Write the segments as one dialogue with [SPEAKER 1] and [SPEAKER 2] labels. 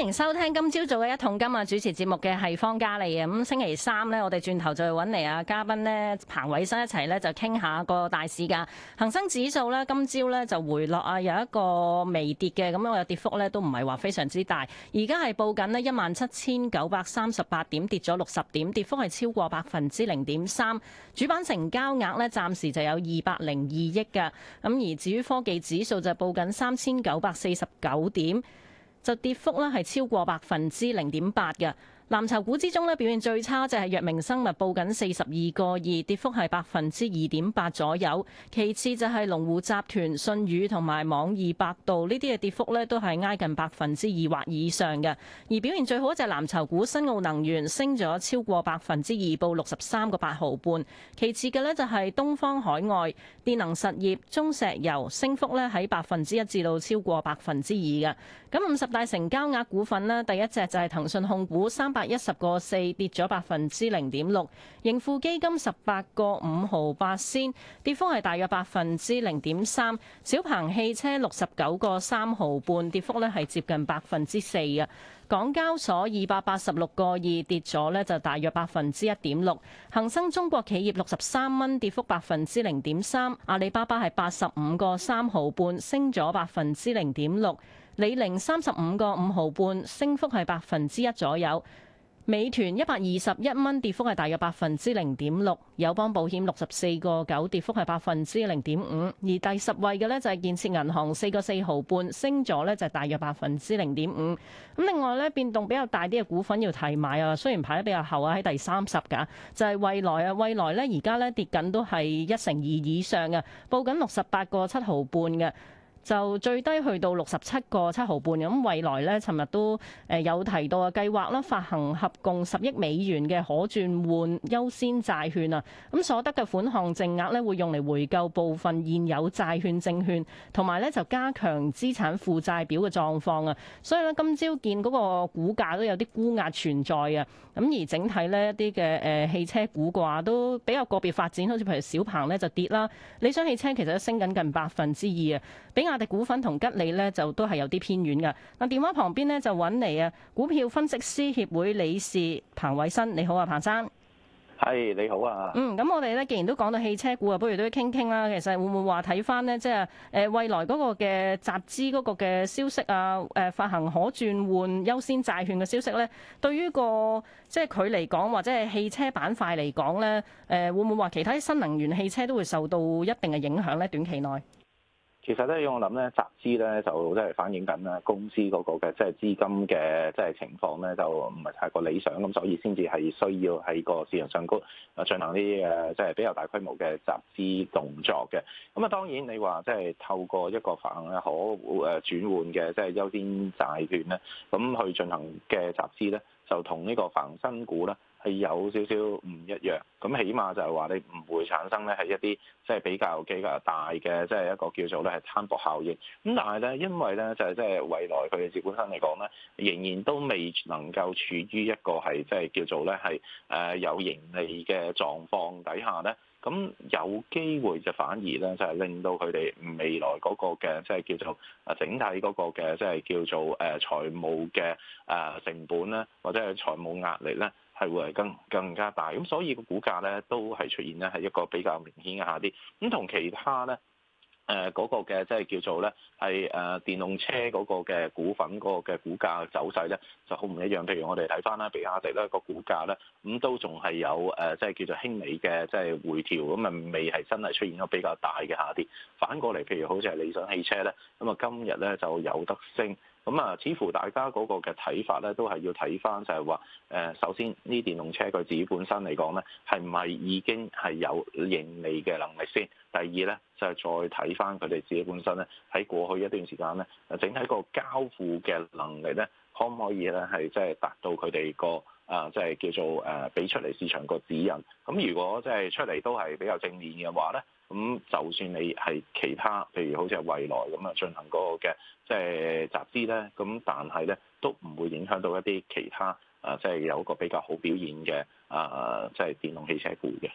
[SPEAKER 1] 歡迎收聽今朝早嘅一桶金，今日主持節目嘅係方嘉莉啊！咁星期三呢，我哋轉頭就會揾嚟啊嘉賓呢，彭偉新一齊呢，就傾下個大市噶。恒生指數呢，今朝呢就回落啊，有一個微跌嘅，咁啊跌幅呢，都唔係話非常之大。而家係報緊呢，一萬七千九百三十八點，跌咗六十點，跌幅係超過百分之零點三。主板成交額呢，暫時就有二百零二億嘅。咁而至於科技指數就報緊三千九百四十九點。就跌幅咧，係超過百分之零點八嘅。藍籌股之中咧，表現最差就係藥明生物，報緊四十二個二，跌幅係百分之二點八左右。其次就係龍湖集團、信義同埋網易、百度呢啲嘅跌幅咧，都係挨近百分之二或以上嘅。而表現最好就係藍籌股新奧能源，升咗超過百分之二，報六十三個八毫半。其次嘅呢就係東方海外、電能實業、中石油，升幅呢喺百分之一至到超過百分之二嘅。咁五十大成交額股份呢，第一隻就係騰訊控股三百。一百一十個四跌咗百分之零點六，盈富基金十八個五毫八仙，跌幅係大約百分之零點三。小鵬汽車六十九個三毫半，跌幅呢係接近百分之四啊，港交所二百八十六個二跌咗呢就大約百分之一點六。恒生中國企業六十三蚊，跌幅百分之零點三。阿里巴巴係八十五個三毫半，升咗百分之零點六。李寧三十五個五毫半，升幅係百分之一左右。美團一百二十一蚊，跌幅係大約百分之零點六。友邦保險六十四個九，跌幅係百分之零點五。而第十位嘅呢就係建設銀行四個四毫半，升咗呢，就係大約百分之零點五。咁另外呢，變動比較大啲嘅股份要提買啊，雖然排得比較後啊，喺第三十噶就係、是、蔚來啊。蔚來呢而家呢跌緊都係一成二以上嘅，報緊六十八個七毫半嘅。就最低去到六十七個七毫半。咁蔚來呢，尋日都誒有提到啊，計劃啦發行合共十億美元嘅可轉換優先債券啊。咁所得嘅款項淨額呢，會用嚟回購部分現有債券證券，同埋呢就加強資產負債表嘅狀況啊。所以呢，今朝見嗰個股價都有啲沽壓存在啊。咁而整體呢，一啲嘅誒汽車股嘅話都比較個別發展，好似譬如小鵬呢，就跌啦，理想汽車其實都升緊近百分之二啊，比亞啲股份同吉利呢，就都係有啲偏遠嘅。嗱，電話旁邊呢，就揾嚟啊，股票分析師協會理事彭偉新，你好啊，彭生。係你好啊。嗯，咁我哋呢，既然都講到汽車股啊，不如都傾傾啦。其實會唔會話睇翻呢？即係誒蔚來嗰個嘅集資嗰個嘅消息啊，誒發行可轉換優先債券嘅消息呢？對於個即係佢嚟講或者係汽車板塊嚟講呢，誒會唔會話其他新能源汽車都會受到一定嘅影響呢？短期內？
[SPEAKER 2] 其實咧，以我諗咧，集資咧就即係反映緊咧公司嗰個嘅即係資金嘅即係情況咧，就唔係太過理想，咁所以先至係需要喺個市場上高啊進行啲誒即係比較大規模嘅集資動作嘅。咁啊，當然你話即係透過一個發可誒轉換嘅即係優先債券咧，咁去進行嘅集資咧，就同呢個發新股咧。係有少少唔一樣，咁起碼就係話你唔會產生咧係一啲即係比較比較大嘅，即係一個叫做咧係攤薄效應。咁但係咧，因為咧就係即係未來佢哋自身嚟講咧，仍然都未能夠處於一個係即係叫做咧係誒有盈利嘅狀況底下咧，咁有機會就反而咧就係令到佢哋未來嗰個嘅即係叫做啊整體嗰個嘅即係叫做誒財務嘅誒成本咧，或者係財務壓力咧。係會係更更加大，咁所以個股價咧都係出現咧係一個比較明顯嘅下跌。咁同其他咧誒嗰個嘅即係叫做咧係誒電動車嗰個嘅股份嗰、嗰個嘅股價嘅走勢咧就好唔一樣。譬如我哋睇翻啦，比亞迪咧個股價咧咁、嗯、都仲係有誒、呃、即係叫做輕微嘅即係回調，咁啊未係真係出現咗比較大嘅下跌。反過嚟，譬如好似係理想汽車咧，咁啊今日咧就有得升。咁啊，似乎大家嗰個嘅睇法咧，都係要睇翻就係話，誒首先呢電動車佢自己本身嚟講咧，係唔係已經係有盈利嘅能力先？第二咧，就係再睇翻佢哋自己本身咧，喺過去一段時間咧，整體個交付嘅能力咧，可唔可以咧係即係達到佢哋個。啊，即係叫做誒，俾出嚟市場個指引。咁如果即係出嚟都係比較正面嘅話呢，咁就算你係其他，譬如好似係蔚來咁啊，進行嗰個嘅即係集資呢，咁但係呢都唔會影響到一啲其他啊，即係有一個比較好表現嘅啊，即係電動汽車股嘅。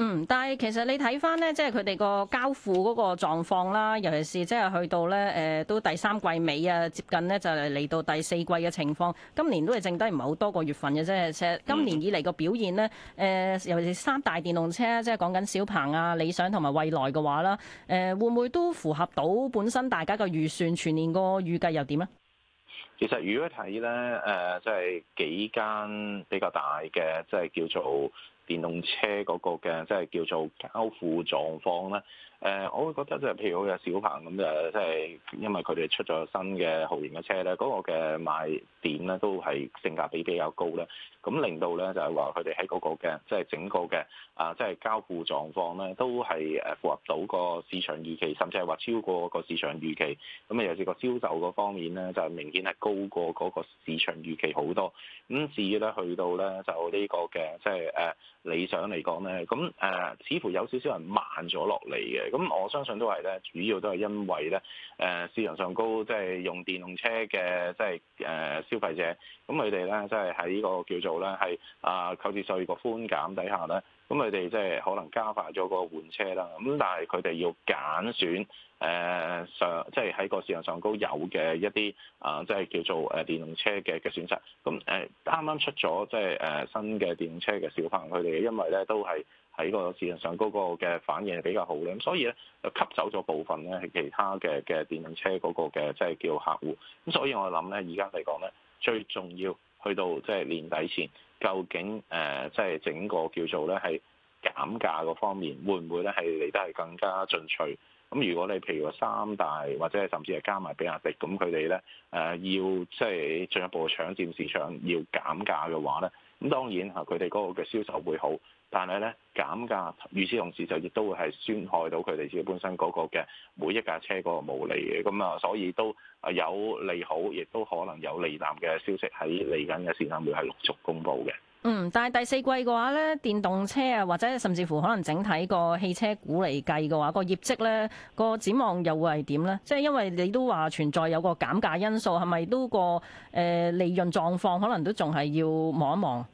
[SPEAKER 1] 嗯，但係其實你睇翻咧，即係佢哋個交付嗰個狀況啦，尤其是即係去到咧，誒、呃、都第三季尾啊，接近咧就嚟到第四季嘅情況，今年都係剩低唔係好多個月份嘅啫。其實今年以嚟個表現呢，誒、呃、尤其是三大電動車，即係講緊小鵬啊、理想同埋蔚來嘅話啦，誒、呃、會唔會都符合到本身大家嘅預算？全年個預計又點啊？
[SPEAKER 2] 其實如果睇咧，誒即係幾間比較大嘅，即係叫做。電動車嗰個嘅即係叫做交付狀況咧。誒，我會覺得就係譬如好似小鵬咁誒，即係因為佢哋出咗新嘅豪型嘅車咧，嗰、那個嘅賣點咧都係性價比比較高咧，咁令到咧就係話佢哋喺嗰個嘅即係整個嘅啊，即係交付狀況咧都係誒符合到個市場預期，甚至係話超過個市場預期。咁啊，尤其是個銷售嗰方面咧，就係明顯係高過嗰個市場預期好多。咁至於咧去到咧就呢、這個嘅即係誒理想嚟講咧，咁誒、呃、似乎有少少人慢咗落嚟嘅。咁我相信都係咧，主要都係因為咧，誒、呃、市場上高，即係用電動車嘅，即係誒消費者，咁佢哋咧，即係喺呢個叫做咧，係啊購置稅個寬減底下咧，咁佢哋即係可能加快咗個換車啦。咁但係佢哋要揀選誒、呃、上，即係喺個市場上高有嘅一啲啊，即、呃、係、就是、叫做誒電動車嘅嘅選擇。咁誒啱啱出咗即係誒新嘅電動車嘅小鵬，佢哋因為咧都係。喺個市場上嗰個嘅反應係比較好咧，咁所以咧吸走咗部分咧係其他嘅嘅電動車嗰個嘅即係叫客戶，咁所以我諗咧，而家嚟講咧，最重要去到即係年底前，究竟誒即係整個叫做咧係減價嗰方面，會唔會咧係嚟得係更加進取？咁如果你譬如話三大或者係甚至係加埋比亞迪，咁佢哋咧誒要即係進一步搶佔市場，要減價嘅話咧？咁當然吓，佢哋嗰個嘅銷售會好，但係咧減價，與此同時就亦都會係損害到佢哋自己本身嗰個嘅每一架車嗰個毛利嘅。咁啊，所以都有利好，亦都可能有利淡嘅消息喺嚟緊嘅時間會係陸續公布
[SPEAKER 1] 嘅。嗯，但係第四季嘅話咧，電動車啊，或者甚至乎可能整體個汽車股嚟計嘅話，個業績咧個展望又會係點咧？即係因為你都話存在有個減價因素，係咪都個誒利潤狀況可能都仲係要望一望？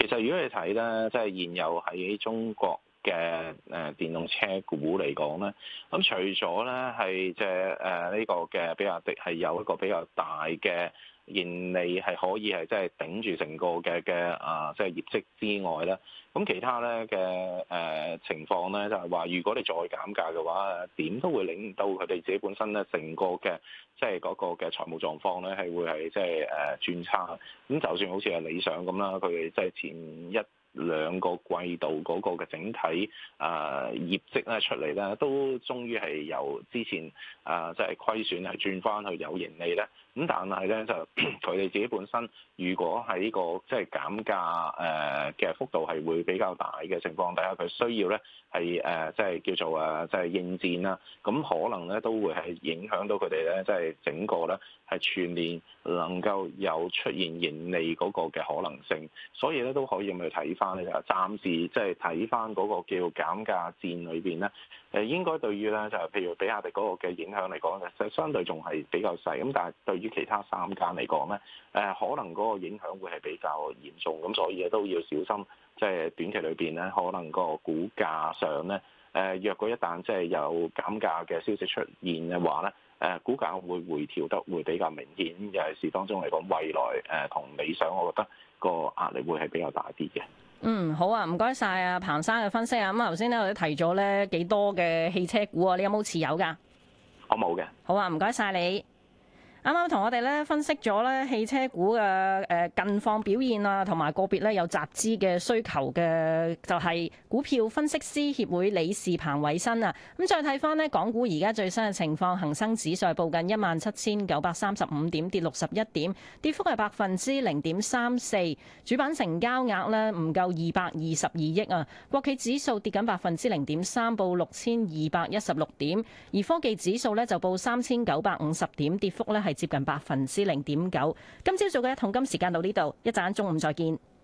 [SPEAKER 2] 其實如果你睇咧，即係現有喺中國。嘅誒電動車股嚟講咧，咁除咗咧係即係誒呢個嘅比亞迪係有一個比較大嘅盈利係可以係即係頂住成個嘅嘅啊即係、就是、業績之外咧，咁其他咧嘅誒情況咧就係話，如果你再減價嘅話，點都會令到佢哋自己本身咧成個嘅即係嗰個嘅財務狀況咧係會係即係誒轉差。咁就算好似係理想咁啦，佢哋即係前一。兩個季度嗰個嘅整體啊業績咧出嚟咧，都終於係由之前啊即係虧損係轉翻去有盈利咧。咁但係咧就佢哋自己本身，如果喺呢個即係、就是、減價誒嘅幅度係會比較大嘅情況底下，佢需要咧係誒即係叫做誒即係應戰啦，咁可能咧都會係影響到佢哋咧即係整個咧係全年能夠有出現盈利嗰個嘅可能性，所以咧都可以咁去睇翻咧，就暫時即係睇翻嗰個叫減價戰裏邊咧，誒應該對於咧就譬如比亞迪嗰個嘅影響嚟講咧，其實相對仲係比較細，咁但係對於其他三間嚟講咧，誒可能嗰個影響會係比較嚴重，咁所以都要小心。即係短期裏邊咧，可能個股價上咧，誒若果一旦即係有減價嘅消息出現嘅話咧，誒股價會回調得會比較明顯。尤其事當中嚟講，蔚來誒同理想，我覺得個壓力會係比較大啲嘅。嗯，
[SPEAKER 1] 好啊，唔該晒啊，彭生嘅分析啊。咁頭先咧，我哋提咗咧幾多嘅汽車股啊？你有冇持有㗎？我冇嘅。好啊，唔該晒你。啱啱同我哋咧分析咗咧汽車股嘅誒近況表現啊，同埋個別咧有集資嘅需求嘅就係、是、股票分析師協會理事彭偉新啊。咁再睇翻咧港股而家最新嘅情況，恒生指數係報緊一萬七千九百三十五點，跌六十一點，跌幅係百分之零點三四。主板成交額咧唔夠二百二十二億啊。國企指數跌緊百分之零點三，報六千二百一十六點，而科技指數咧就報三千九百五十點，跌幅咧係，接近百分之零點九。今朝早嘅一桶金時間到呢度，一陣間中午再見。